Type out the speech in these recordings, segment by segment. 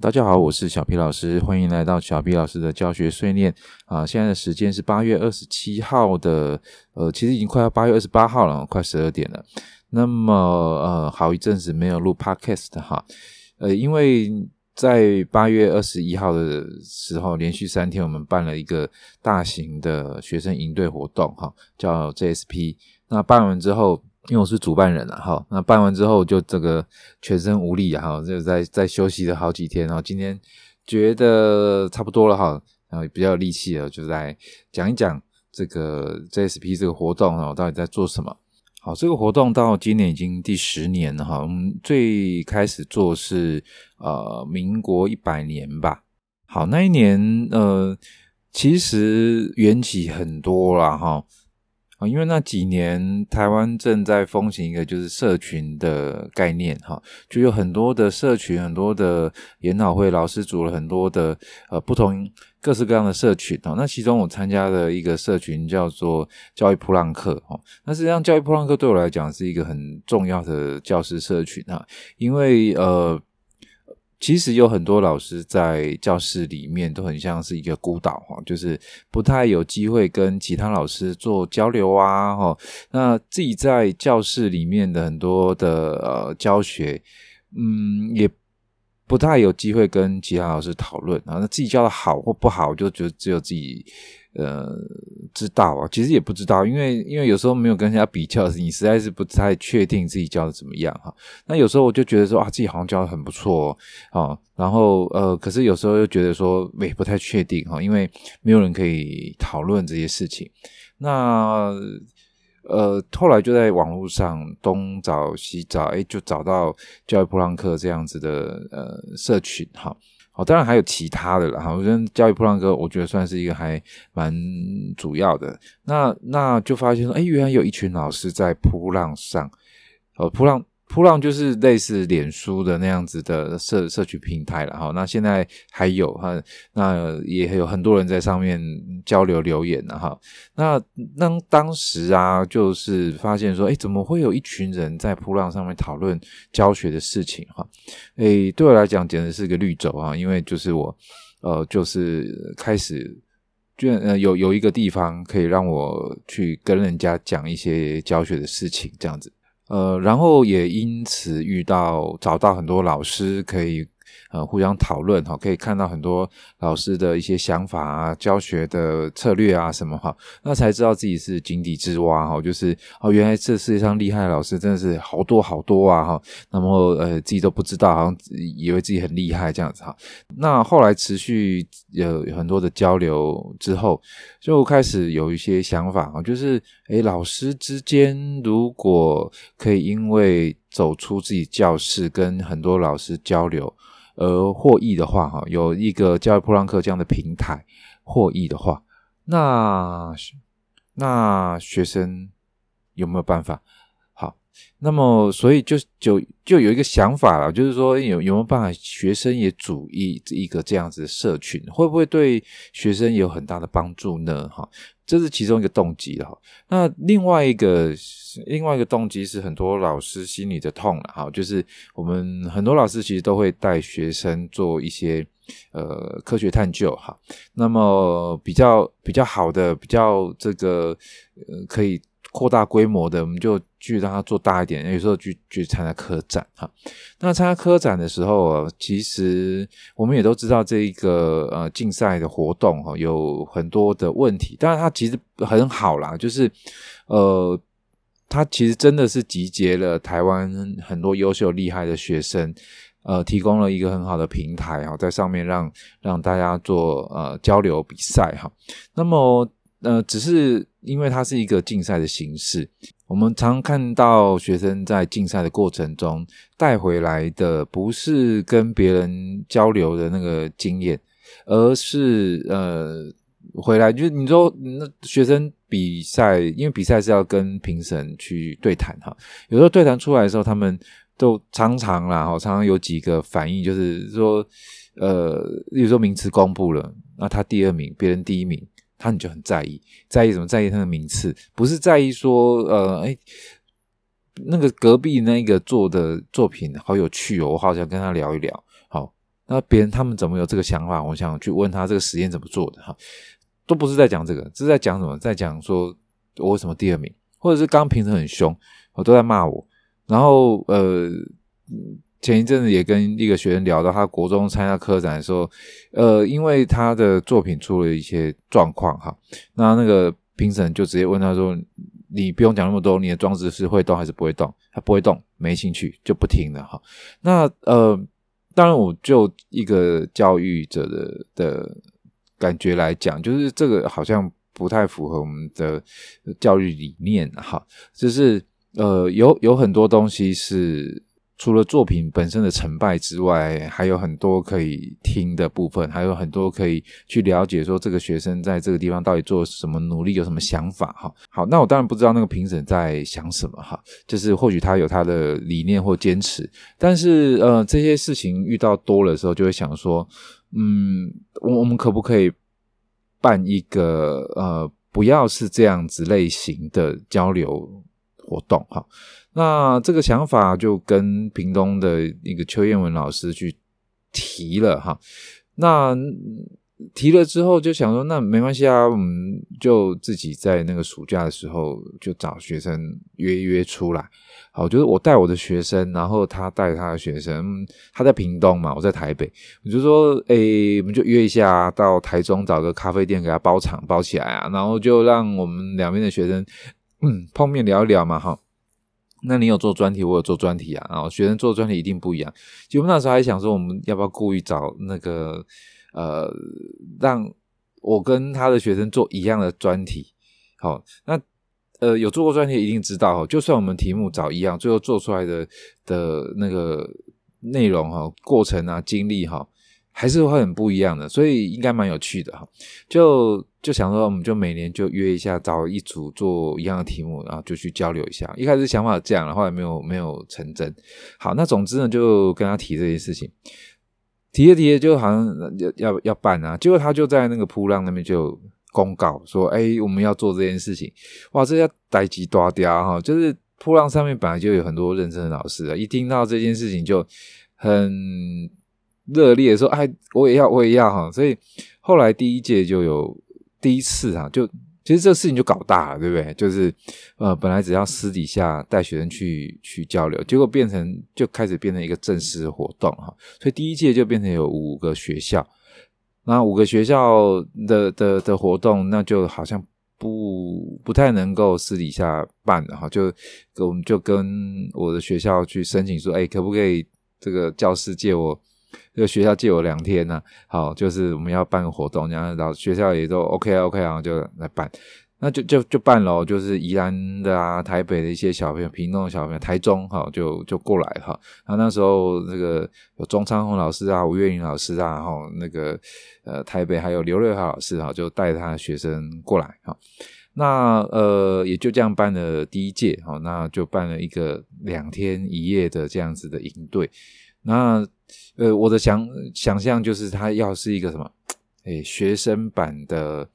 大家好，我是小皮老師，歡迎來到小皮老師的教學訓練啊。現在的時間是八月二十七號的，呃，其實已經快要八月二十八號了，快十二點了。那麼，呃，好一陣子沒有錄 podcast 哈，呃，因為在八月二十一號的時候，連續三天我們辦了一個大型的學生營隊活動哈，叫 JSP。那辦完之後，因為我是主辦人了、啊、哈，那辦完之後就這個全身無力啊哈，就在在休息了好幾天、啊，然後今天覺得差不多了哈，然後也比較有力氣了，就在講一講這個 JSP 這個活動啊，到底在做什麼？好，這個活動到今年已經第十年了哈，我們最開始做是呃民國一百年吧，好那一年呃其實緣起很多了哈、啊。因為那幾年台灣正在風行一個就是社群的概念哈，就有很多的社群，很多的研討會，老師組了很多的呃不同各式各樣的社群，那其中我參加的一個社群叫做教育普朗克，那實際上教育普朗克對我來講是一個很重要的教師社群，因為呃。其實有很多老師在教室裡面都很像是一個孤島，就是不太有機會跟其他老師做交流啊，那自己在教室裡面的很多的教學，嗯，也不太有機會跟其他老師討論，那自己教得好或不好，就覺得只有自己。呃，知道啊，其實也不知道，因為因為有時候沒有跟人家比較，你實在是不太確定自己教的怎麼樣哈。那有時候我就覺得說啊，自己好像教的很不錯哦，然後呃，可是有時候又覺得說，哎，不太確定哈，因為沒有人可以討論這些事情。那呃，後來就在網絡上東找西找，哎，就找到教育噗浪客這樣子的呃社群哈。哦，當然還有其他的了哈。我覺得教育噗浪客，我覺得算是一個還蠻主要的。那那就發現說，哎，原來有一群老師在噗浪上，呃，噗浪。噗浪就是類似臉書的那樣子的社社群平台了哈。那現在還有哈，那也有很多人在上面交流留言了哈。那當當時啊，就是發現說，哎，怎麼會有一群人在噗浪上面討論教學的事情哈？哎，對我來講簡直是一個綠洲啊，因為就是我呃，就是開始居然呃有有一個地方可以讓我去跟人家講一些教學的事情這樣子。呃，然後也因此遇到，找到很多老師可以。呃，互相討論哈，可以看到很多老師的一些想法啊，教學的策略啊什麼哈，那才知道自己是井底之蛙哈，就是哦，原來這世界上厲害的老師真的是好多好多啊哈，那麼呃自己都不知道，好像以為自己很厲害這樣子哈。那後來持續有很多的交流之後，就開始有一些想法哈，就是誒，老師之間如果可以因為走出自己教室，跟很多老師交流。而獲益的話，哈，有一個教育普朗克這樣的平台獲益的話，那那學生有沒有辦法？好，那麼所以就就就有一個想法了，就是說有有沒有辦法學生也組一個這樣子的社群，會不會對學生有很大的幫助呢？哈。這是其中一個動機哈，那另外一個另外一個動機是很多老師心裡的痛了哈，就是我們很多老師其實都會帶學生做一些呃科學探究哈，那麼比較比較好的比較這個呃可以擴大規模的，我們就去讓他做大一點，有時候去去參加科展哈。那參加科展的時候，其實我們也都知道這一個呃競賽的活動哈，有很多的問題。但是它其實很好啦，就是呃，它其實真的是集結了台灣很多優秀厲害的學生，呃，提供了一個很好的平台哈，在上面讓讓大家做呃交流比賽哈。那麼呃，只是因為它是一個競賽的形式。我們常看到學生在競賽的過程中帶回來的，不是跟別人交流的那個經驗，而是呃，回來就是你說那、嗯、學生比賽，因為比賽是要跟評審去對談哈。有時候對談出來的時候，他們都常常啦，常常有幾個反應，就是說，呃，有時候名次公布了，那他第二名，別人第一名。他你就很在意，在意什麼？在意他的名次，不是在意說，呃，哎，那個隔壁那個做的作品好有趣哦，我好想跟他聊一聊。好，那別人他們怎麼有這個想法？我想去問他這個實驗怎麼做的哈，都不是在講這個，這是在講什麼？在講說我為什麼第二名，或者是剛平時很兇，我都在罵我，然後呃。前一陣子也跟一個學生聊到，他國中參加科展的時候，呃，因為他的作品出了一些狀況哈，那那個評審就直接問他說：“你不用講那麼多，你的裝置是會動還是不會動？”他不會動，沒興趣就不聽了哈。那呃，當然我就一個教育者的的感覺來講，就是這個好像不太符合我們的教育理念哈，就是呃，有有很多東西是。除了作品本身的成敗之外，還有很多可以聽的部分，還有很多可以去了解，說這個學生在這個地方到底做什麼努力，有什麼想法哈。好，那我當然不知道那個評審在想什麼哈，就是或許他有他的理念或堅持，但是呃，這些事情遇到多了的時候，就會想說，嗯，我我們可不可以辦一個呃，不要是這樣子類型的交流。活動哈，那這個想法就跟屏東的那個邱彥文老師去提了哈。那提了之後就想說，那沒關係啊，我們就自己在那個暑假的時候就找學生約一約出來。好，就是我帶我的學生，然後他帶他的學生，他在屏東嘛，我在台北，我就說，哎、欸，我們就約一下，到台中找個咖啡店給他包場包起來啊，然後就讓我們兩邊的學生。嗯，碰面聊一聊嘛，哈。那你有做專題，我有做專題啊。哦，學生做專題一定不一樣。就我們那時候還想說，我們要不要故意找那個，呃，讓我跟他的學生做一樣的專題？好，那呃，有做過專題一定知道哈。就算我們題目找一樣，最後做出來的的那個內容哈，過程啊，經歷哈。還是會很不一樣的，所以應該蠻有趣的哈。就就想說，我們就每年就約一下，找一組做一樣的題目，然後就去交流一下。一開始想法是這樣，然後,後來沒有沒有成真。好，那總之呢，就跟他提這件事情，提著提著，就好像要要,要辦啊。結果他就在那個噗浪那邊就公告說，哎，我們要做這件事情。哇，這要逮雞抓鴨哈，就是噗浪上面本來就有很多認真的老師啊，一聽到這件事情就很。熱烈的說：“哎，我也要，我也要哈！”所以後來第一屆就有第一次啊，就其實這事情就搞大了，對不對？就是呃，本來只要私底下帶學生去去交流，結果變成就開始變成一個正式活動哈。所以第一屆就變成有五個學校，那五個學校的的的、的活動，那就好像不不太能夠私底下辦了哈。就我們就跟我的學校去申請說：“哎，可不可以這個教室借我？”這個學校借我兩天吶，啊，好，就是我們要辦個活動，然後老學校也都 OK，啊、OK 然，啊、後就來辦，那就就就辦了，哦，就是宜蘭的啊、台北的一些小朋友、屏東的小朋友、台中哈，哦，就就過來哈。那、哦啊，那時候那，這個有鍾昌宏老師啊、吳月雲老師啊，哈、哦，那個呃台北還有劉瑞華老師哈，啊，就帶他的學生過來哈、哦。那呃也就這樣辦了第一屆，好、哦，那就辦了一個兩天一夜的這樣子的營隊。那呃，我的想想象就是，它要是一個什麼，欸，學生版的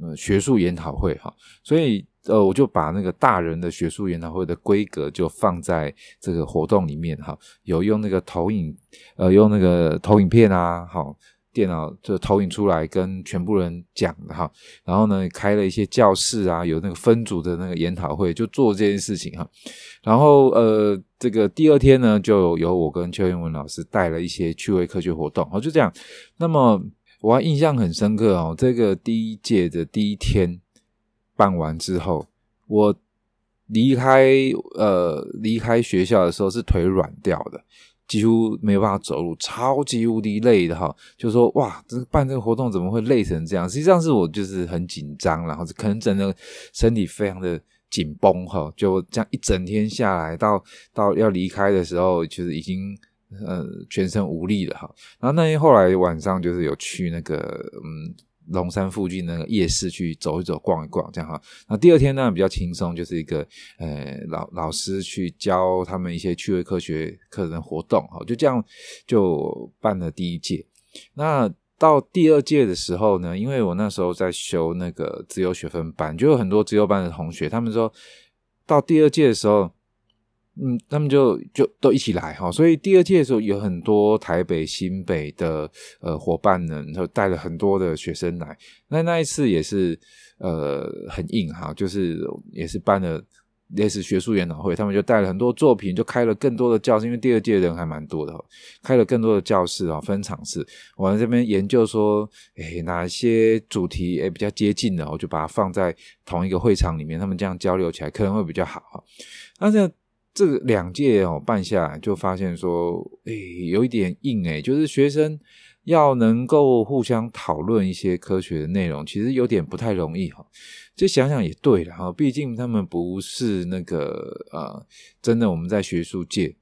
呃學術研討會哈，所以呃，我就把那個大人的學術研討會的規格就放在這個活動裡面哈，有用那個投影，呃，用那個投影片啊，齁。電腦就投影出來跟全部人講的哈，然後呢，開了一些教室啊，有那個分組的那個研討會，就做這件事情哈。然後呃，這個第二天呢，就由我跟邱彥文老師帶了一些趣味科學活動哦，就這樣。那麼我印象很深刻哦，這個第一屆的第一天辦完之後，我離開呃離開學校的時候是腿軟掉的。幾乎沒有辦法走路，超級無敵累的哈，就說哇，這個辦這個活動怎麼會累成這樣？實際上是我就是很緊張，然後可能整個身體非常的緊繃哈，就這樣一整天下來，到到要離開的時候，就是已經呃全身無力了哈。然後那天後來晚上就是有去那個嗯。龍山附近的那個夜市去走一走，逛一逛，這樣哈。那第二天呢比較輕鬆，就是一個呃老老師去教他們一些趣味科學課程活動，哈，就這樣就辦了第一屆。那到第二屆的時候呢，因為我那時候在修那個自由學分班，就有很多自由班的同學，他們說到第二屆的時候。嗯，他們就就都一起來哈，所以第二屆的時候有很多台北、新北的呃夥伴們，都帶了很多的學生來。那那一次也是呃很硬哈，就是也是辦了類似學術研討會，他們就帶了很多作品，就開了更多的教室，因為第二屆的人還蠻多的哈，開了更多的教室哈，分場次。我們這邊研究說，誒，哪些主題誒比較接近的，我就把它放在同一個會場裡面，他們這樣交流起來可能會比較好。那這。這個、兩屆哦，辦下來，就發現說，哎，有一點硬哎，就是學生要能夠互相討論一些科學的內容，其實有點不太容易哈、哦。就想想也對了哈，畢竟他們不是那個呃，真的我們在學術界。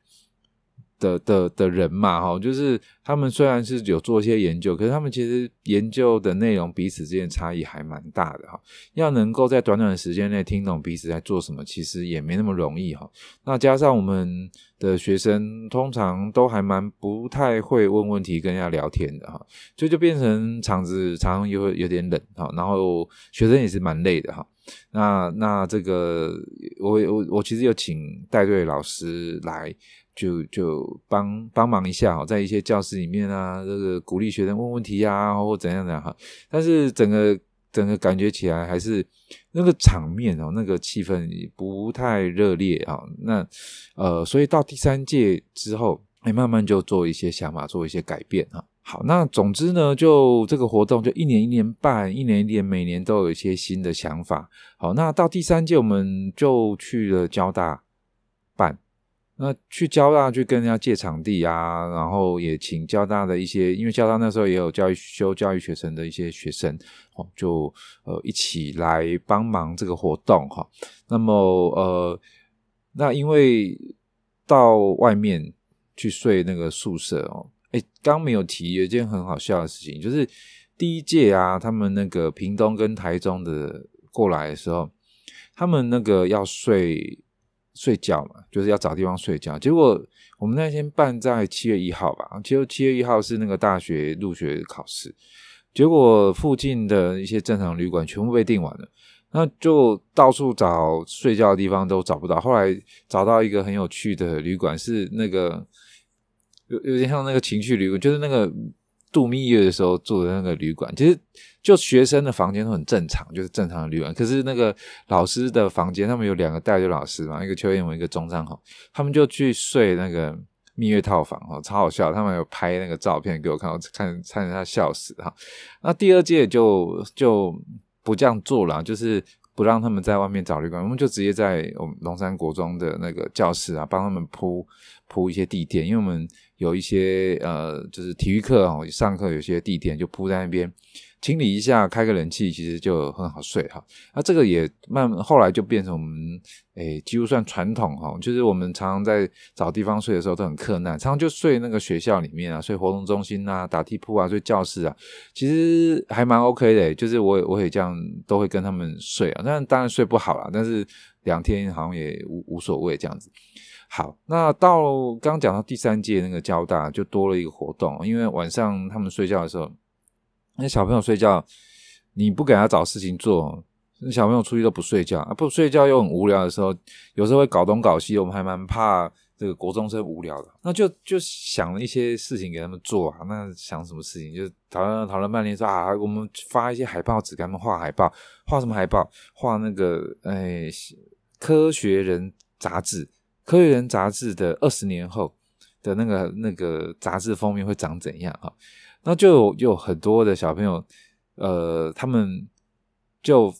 的的的人嘛，哈，就是他們雖然是有做一些研究，可是他們其實研究的內容彼此之間差異還蠻大的哈。要能夠在短短的時間內聽懂彼此在做什麼，其實也沒那麼容易哈。那加上我們的學生通常都還蠻不太會問問題、跟人家聊天的哈，所以就變成場子常常又會有點冷哈。然後學生也是蠻累的哈。那那這個我我我其實有請帶隊老師來。就就幫幫忙一下在一些教室裡面啊，這個鼓勵學生問問題呀、啊，或怎樣的哈。但是整個整個感覺起來還是那個場面哦，那個氣氛不太熱烈啊。那呃，所以到第三屆之後，哎，慢慢就做一些想法，做一些改變哈。好，那總之呢，就這個活動就一年一年辦，一年一年，每年都有一些新的想法。好，那到第三屆我們就去了交大辦。那去交大去跟人家借場地啊，然後也請交大的一些，因為交大那時候也有教育修教育學生的一些學生，哦，就呃一起來幫忙這個活動哈。那麼呃，那因為到外面去睡那個宿舍哦，哎、欸，剛沒有提有一件很好笑的事情，就是第一屆啊，他們那個屏東跟台中的過來的時候，他們那個要睡。睡覺嘛，就是要找地方睡覺。結果我們那天辦在七月一號吧，其實七月一號是那個大學入學考試。結果附近的一些正常旅館全部被訂完了，那就到處找睡覺的地方都找不到。後來找到一個很有趣的旅館，是那個有有點像那個情趣旅館，就是那個。度蜜月的時候住的那個旅館，其實就學生的房間都很正常，就是正常的旅館。可是那個老師的房間，他們有兩個帶隊老師嘛，一個邱艷文，一個鍾昌紅，他們就去睡那個蜜月套房哈，超好笑。他們有拍那個照片給我看，我看看着他笑死哈。那第二屆就就不這樣做了，就是不讓他們在外面找旅館，我們就直接在我們龍山國中的那個教室啊，幫他們鋪鋪一些地墊，因為我們。有一些呃，就是體育課啊、哦，上課有些地點就鋪在那邊。清理一下，開個冷氣，其實就很好睡哈。那、啊、這個也慢，後來就變成我們誒、哎，幾乎算傳統哈、哦，就是我們常常在找地方睡的時候都很困難，常常就睡那個學校裡面啊，睡活動中心啊，打地鋪啊，睡教室啊，其實還蠻 OK 的。就是我也我也這樣，都會跟他們睡啊。那當然睡不好了，但是兩天好像也無無所謂這樣子。好，那到剛剛講到第三屆那個交大，就多了一個活動，因為晚上他們睡覺的時候。那小朋友睡覺，你不給他找事情做，那小朋友出去都不睡覺啊，不睡覺又很無聊的時候，有時候會搞東搞西，我們還蠻怕這個國中生無聊的，那就就想一些事情給他們做啊。那想什麼事情，就討論討論半天，說啊，我們發一些海報紙給他們畫海報，畫什麼海報？畫那個哎，科學人雜誌，科學人雜誌的二十年後的那個那個雜誌封面會長怎樣啊？那就有很多的小朋友，呃，他們就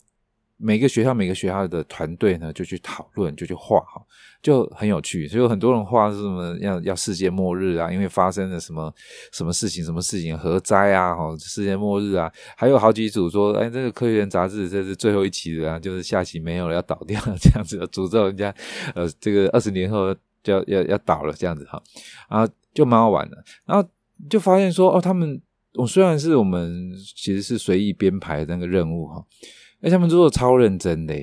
每個學校每個學校的團隊呢，就去討論，就去畫就很有趣。所以有很多人畫是什麼？要要世界末日啊？因為發生了什麼什麼事情？什麼事情核災啊？世界末日啊？還有好幾組說，哎，這個科學人雜誌這是最後一期的，啊，就是下期沒有了，要倒掉了，這樣子詛咒人家。呃，這個二十年後就要要要倒了，這樣子哈，啊，就蠻好玩的。然後。就發現說哦，他們我雖然是我們其實是隨意編排的那個任務哈，那他們做的超認真的，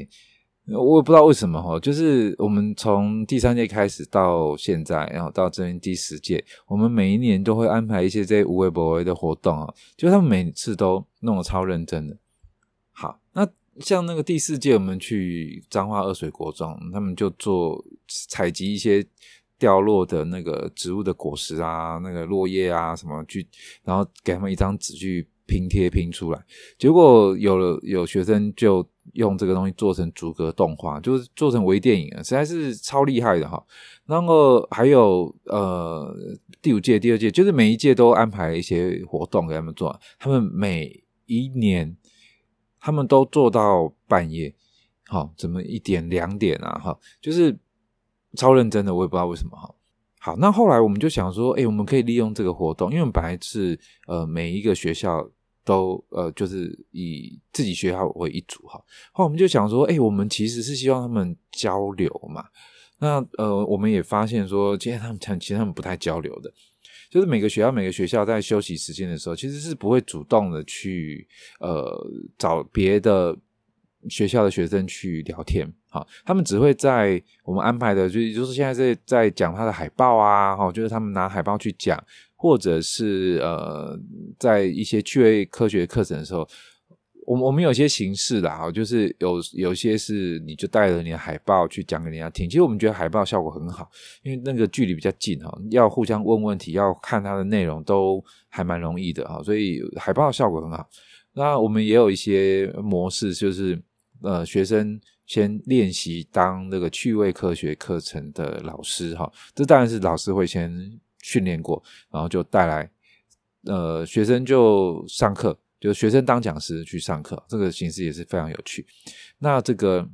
我也不知道為什麼哈，就是我們從第三屆開始到現在，然後到這邊第十屆，我們每一年都會安排一些這些的無微博的活動啊，就他們每次都弄得超認真的。好，那像那個第四屆我們去彰化二水國中，他們就做採集一些。掉落的那個植物的果實啊，那個落葉啊，什麼去，然後給他們一張紙去拼貼拼出來。結果有了有學生就用這個東西做成逐格動畫，就是做成微電影了，實在是超厲害的哈。然後還有呃第五屆第二屆，就是每一屆都安排了一些活動給他們做，他們每一年他們都做到半夜，好，怎麼一點兩點啊，哈，就是。超認真的，我也不知道為什麼哈。好，那後來我們就想說，誒、欸，我們可以利用這個活動，因為我們本來是呃每一個學校都呃就是以自己學校為一組哈。後來我們就想說，誒、欸，我們其實是希望他們交流嘛。那呃，我們也發現說，其實他們其實他們不太交流的，就是每個學校每個學校在休息時間的時候，其實是不會主動的去呃找別的學校的學生去聊天。好，他們只會在我們安排的，就是、就是現在在在講他的海報啊，哈、哦，就是他們拿海報去講，或者是呃，在一些趣味科學課程的時候，我我們有一些形式啦哈，就是有有些是你就帶着你的海報去講給人家聽。其實我們覺得海報效果很好，因為那個距離比較近哈，要互相問問題，要看它的內容都還蠻容易的哈，所以海報效果很好。那我們也有一些模式，就是呃學生。先練習當那個趣味科學課程的老師哈，這當然是老師會先訓練過，然後就帶來，呃，學生就上課，就學生當講師去上課，這個形式也是非常有趣。那這個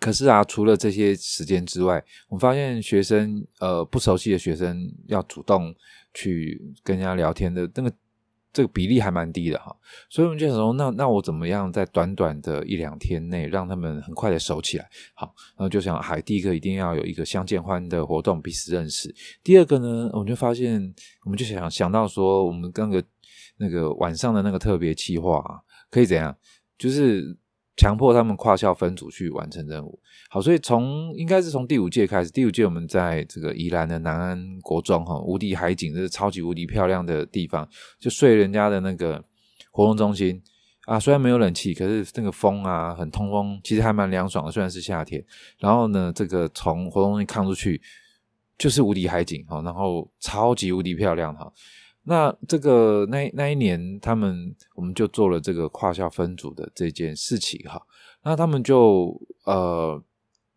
可是啊，除了這些時間之外，我們發現學生，呃，不熟悉的學生要主動去跟人家聊天的那個。這個比例還蠻低的哈，所以我們就想說，那那我怎麼樣在短短的一兩天內讓他們很快的熟起來？好，然後就想，還、啊、第一個一定要有一個相見歡的活動，彼此認識。第二個呢，我們就發現，我們就想想到說，我們那個那個晚上的那個特別計劃、啊、可以怎樣？就是。強迫他們跨校分組去完成任務。好，所以從應該是從第五屆開始，第五屆我們在這個宜蘭的南安國中哈，無敵海景，這是超級無敵漂亮的地方，就睡人家的那個活動中心啊。雖然沒有冷氣，可是那個風啊很通風，其實還蠻涼爽的，雖然是夏天。然後呢，這個從活動中心看出去就是無敵海景哈，然後超級無敵漂亮哈。那這個那那一年，他們我們就做了這個跨校分組的這件事情哈。那他們就呃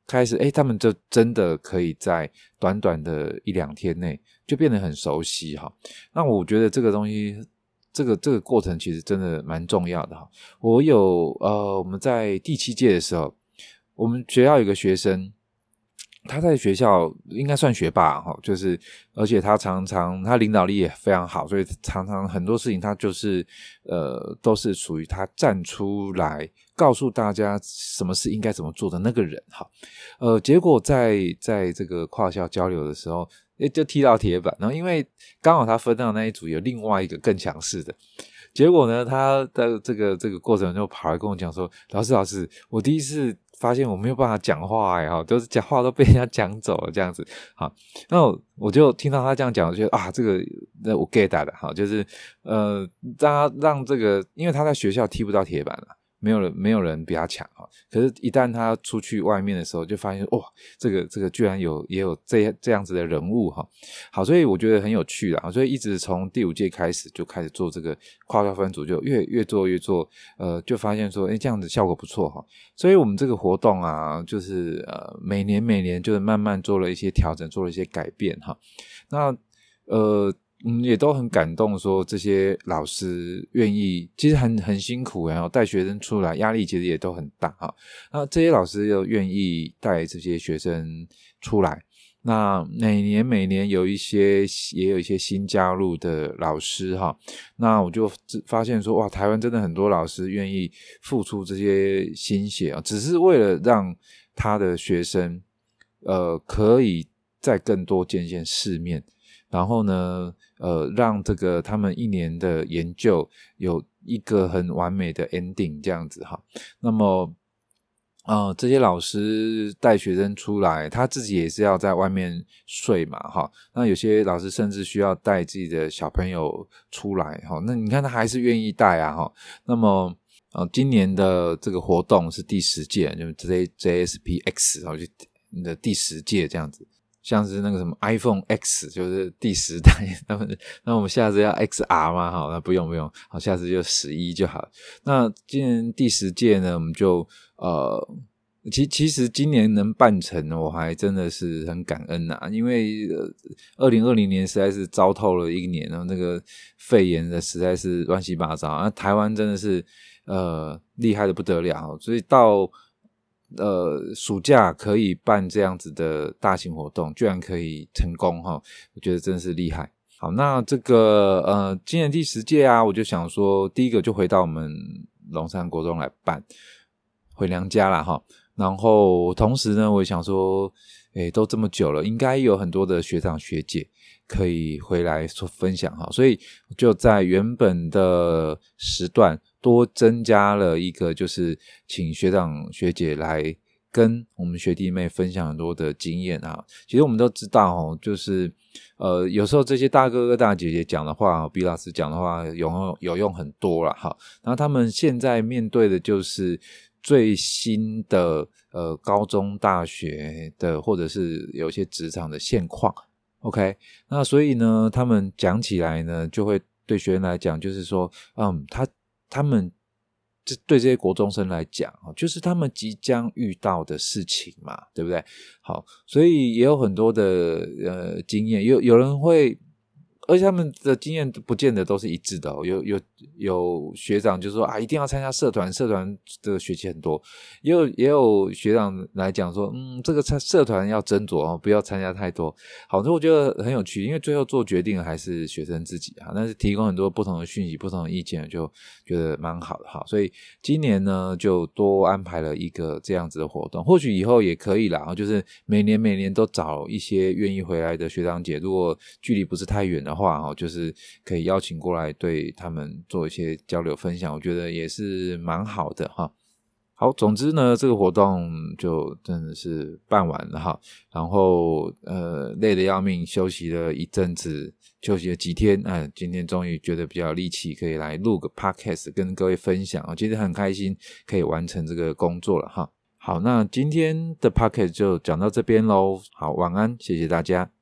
開始哎，他們就真的可以在短短的一兩天內就變得很熟悉哈。那我覺得這個東西，這個這個過程其實真的蠻重要的哈。我有呃，我們在第七屆的時候，我們學校有一個學生。他在學校應該算學霸哈，就是而且他常常他領導力也非常好，所以常常很多事情他就是呃都是屬於他站出來告訴大家什麼是應該怎麼做的那個人哈，呃結果在在這個跨校交流的時候誒，就踢到鐵板，然後因為剛好他分到那一組有另外一個更強勢的。結果呢，他的這個這個過程就跑來跟我講說：“老師，老師，我第一次發現我沒有辦法講話呀，都是講話都被人家講走了這樣子。”好，那我，我就聽到他這樣講，我覺得啊，這個那我 get 到了，好，就是呃，讓他讓這個，因為他在學校踢不到鐵板了。沒有人，沒有人比他強哈。可是，一旦他出去外面的時候，就發現哇，這個這個居然有也有這樣這樣子的人物哈。好，所以我覺得很有趣啦。所以一直從第五屆開始就開始做這個跨校分組，就越越做越做，呃，就發現說，哎，這樣子效果不錯哈。所以我們這個活動啊，就是呃，每年每年就是慢慢做了一些調整，做了一些改變哈。那呃。嗯，也都很感動，說這些老師願意，其實很很辛苦，然後帶學生出來，壓力其實也都很大哈。那這些老師又願意帶這些學生出來，那每年每年有一些，也有一些新加入的老師哈。那我就發現說，哇，台灣真的很多老師願意付出這些心血啊，只是為了讓他的學生呃，可以再更多見見世面，然後呢，呃，讓這個他們一年的研究有一個很完美的 ending 這樣子哈、哦。那麼，呃，這些老師帶學生出來，他自己也是要在外面睡嘛哈、哦。那有些老師甚至需要帶自己的小朋友出來哈、哦。那你看他還是願意帶啊哈、哦。那麼，呃，今年的這個活動是第十屆，就是 J JSPX 然、哦、就你的第十屆這樣子。像是那個什麼 iPhone X，就是第十代，那我們下次要 XR 嘛哈，那不用不用，好，下次就十一就好。那今年第十屆呢，我們就呃，其其實今年能辦成，我還真的是很感恩吶、啊，因為二零二零年實在是糟透了一年啊，那個肺炎的實在是亂七八糟啊，那台灣真的是呃厲害的不得了，所以到。呃，暑假可以辦這樣子的大型活動，居然可以成功齁，我覺得真是厲害。好，那這個呃，今年第十屆啊，我就想說，第一個就回到我們龍山國中來辦，回娘家啦齁。然後同時呢，我也想說，欸，都這麼久了，應該有很多的學長學姐可以回來說分享齁，所以就在原本的時段。多增加了一個，就是請學長學姐來跟我們學弟妹分享很多的經驗啊。其實我們都知道哦，就是呃，有時候這些大哥哥大姐姐講的話，比老師講的話有用，有用很多啦哈。那他們現在面對的就是最新的呃高中、大學的，或者是有些職場的現況。OK，那所以呢，他們講起來呢，就會對學員來講，就是說，嗯，他。他們這，對這些國中生來講，就是他們即將遇到的事情嘛，對不對？好，所以也有很多的呃經驗，有有人會，而且他們的經驗不見得都是一致的哦，有有。有學長就說啊，一定要參加社團，社團的學期很多。也有也有學長來講說，嗯，這個社團要斟酌哦，不要參加太多。好，所以我覺得很有趣，因為最後做決定還是學生自己啊。但是提供很多不同的訊息、不同的意見，就覺得蠻好的哈。所以今年呢，就多安排了一個這樣子的活動。或許以後也可以啦，就是每年每年都找一些願意回來的學長姐，如果距離不是太遠的話，就是可以邀請過來，對他們。做一些交流分享，我覺得也是蠻好的哈。好，總之呢，這個活動就真的是辦完了哈。然後呃，累得要命，休息了一陣子，休息了幾天，啊、呃、今天終於覺得比較有力氣，可以來錄個 podcast 跟各位分享。其實很開心可以完成這個工作了哈。好，那今天的 podcast 就講到這邊嘍。好，晚安，謝謝大家。